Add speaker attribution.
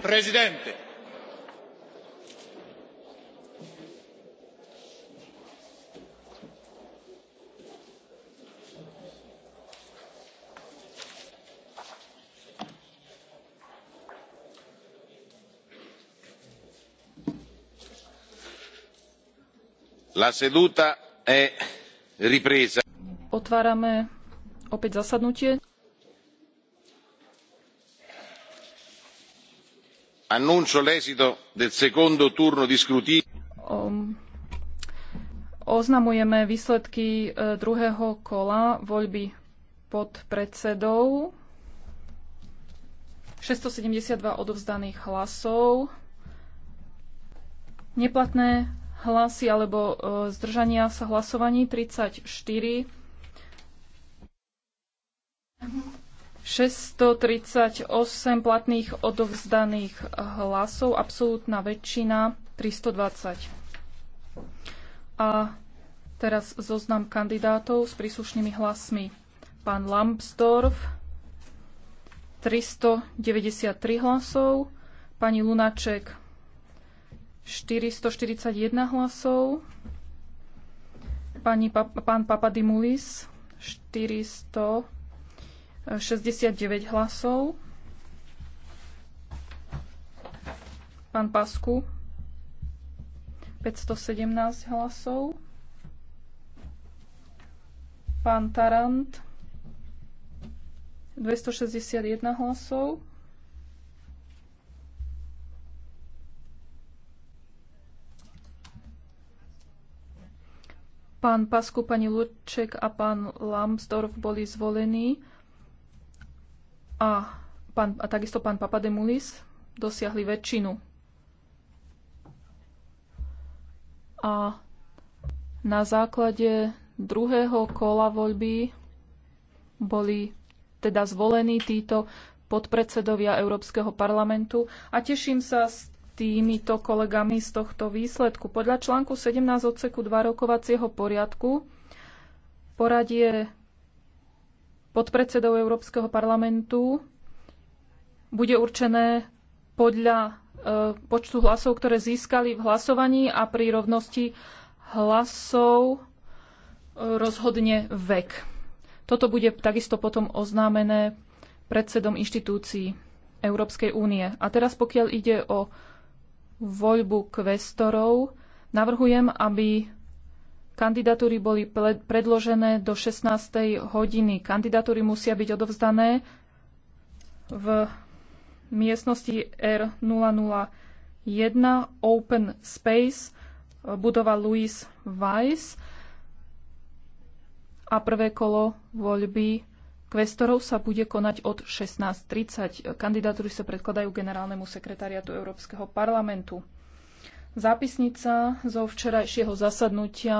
Speaker 1: presidente la seduta è ripresa. otvárame opäť zasadnutie. annuncio l'esito del secondo turno di scrutinio. Ehm, oznamujeme výsledky eh, druhého kola voľby podpredsedov. 672 odovzdaných hlasov. Neplatné hlasy alebo eh, zdržania sa hlasovaní 34. 638 platných odovzdaných hlasov, absolútna väčšina 320. A teraz zoznam kandidátov s príslušnými hlasmi. Pán Lambsdorff 393 hlasov, pani Lunaček 441 hlasov, pani, pán Papadimulis 400 69 hlasov. Pán Pasku 517 hlasov. Pán Tarant 261 hlasov. Pán Pasku, pani Luček a pán Lambsdorf boli zvolení a, pán, a takisto pán Papademulis dosiahli väčšinu. A na základe druhého kola voľby boli teda zvolení títo podpredsedovia Európskeho parlamentu a teším sa s týmito kolegami z tohto výsledku. Podľa článku 17 odseku 2 rokovacieho poriadku poradie podpredsedov Európskeho parlamentu bude určené podľa e, počtu hlasov, ktoré získali v hlasovaní a pri rovnosti hlasov e, rozhodne vek. Toto bude takisto potom oznámené predsedom inštitúcií Európskej únie. A teraz pokiaľ ide o voľbu kvestorov, navrhujem, aby Kandidatúry boli predložené do 16. hodiny. Kandidatúry musia byť odovzdané v miestnosti R001 Open Space budova Louis Weiss a prvé kolo voľby Kvestorov sa bude konať od 16.30. Kandidatúry sa predkladajú generálnemu sekretariatu Európskeho parlamentu. Zápisnica zo včerajšieho zasadnutia